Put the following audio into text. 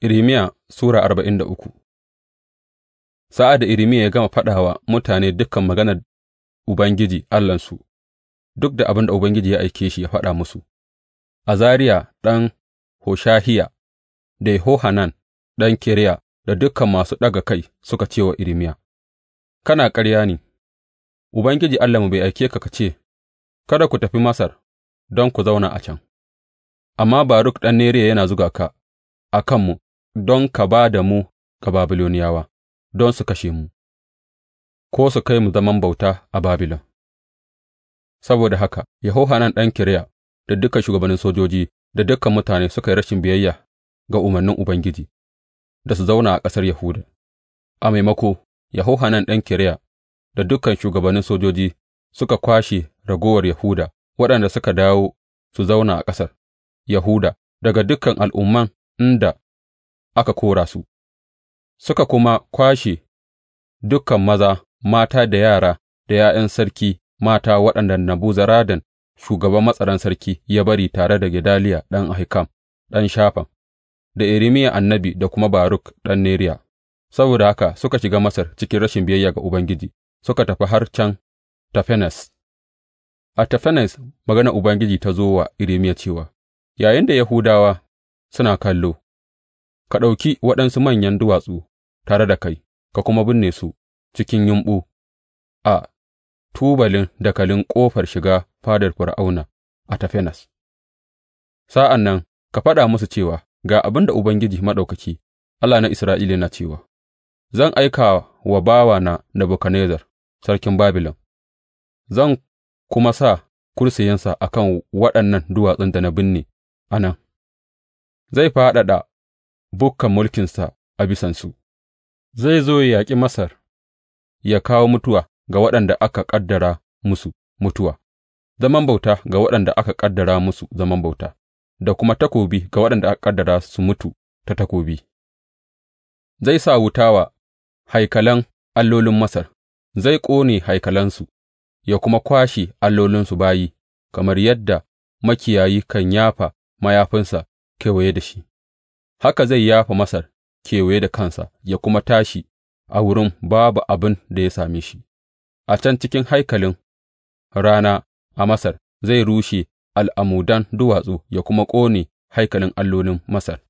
Irmiya Sura arba'in da uku Sa'ad da Irmiya ya gama faɗa wa mutane dukan maganar Ubangiji Allahnsu, duk da abin da Ubangiji ya aike shi ya faɗa musu, Azariya ɗan Hoshahiya da Yehohanan ɗan Kereya da dukan masu ɗaga kai suka ce wa Irmiya, Kana ƙarya ne, Ubangiji Allahnmu bai aike ka ka ce, Kada ku tafi Masar don ku zauna a can, amma Baruk ɗan Neriya yana zuga ka a kanmu don ka ba da mu ga Babiloniyawa don su kashe mu, ko su kai mu zaman bauta a Babilon. Saboda haka, Yahohanan ɗan Kareya da dukan shugabannin sojoji da dukan mutane suka yi rashin biyayya ga umarnin Ubangiji da su zauna a ƙasar Yahuda. A maimako, Yehohanan ɗan Kareya da dukan shugabannin sojoji suka kwashe ragowar Yahuda waɗanda suka dawo su zauna a ƙasar Yahuda daga dukan al'umman inda aka kora su, suka kuma kwashe dukan maza, mata da yara da ’ya'yan sarki mata waɗanda Nabuzaradan shugaban matsaran sarki ya bari tare da Gedaliya ɗan Ahikam, ɗan Shafan, da irimiya annabi da kuma Baruk ɗan Neriya. Saboda haka suka shiga Masar cikin rashin biyayya ga Ubangiji, suka tafi har can Tafenes. A Tafenes maganar Ubangiji ta zo wa irimiya cewa, yayin da Yahudawa suna kallo, Ka ɗauki waɗansu manyan duwatsu tare da kai ka kuma binne su cikin yumɓu a tubalin dakalin ƙofar shiga fadar Fir'auna a Tafenas. sa'an nan ka faɗa musu cewa, Ga abin da Ubangiji Maɗaukaki, Allah na Isra'ila yana cewa, Zan aika wa bawana Nebukadnezzar sarkin Babilon, zan kuma sa kursiyinsa a kan waɗannan duwatsun da na binne a nan, zai fadada Bukkan mulkinsa a bisansu, zai zo ya yaƙi Masar, ya kawo mutuwa ga waɗanda aka ƙaddara musu mutuwa, zaman bauta ga waɗanda aka ƙaddara musu zaman bauta, da kuma takobi ga waɗanda aka ƙaddara su mutu ta takobi. Zai sa wuta wa haikalan allolin Masar, zai ƙone haikalansu, ya kuma kwashe allolinsu bayi, kamar yadda makiyayi kan yafa mayafinsa kewaye da shi. haka zai yafa Masar kewaye da kansa ya kuma tashi a wurin babu abin da ya same shi, a can cikin haikalin rana a Masar zai rushe al'amudan duwatsu ya kuma ƙone haikalin allolin Masar.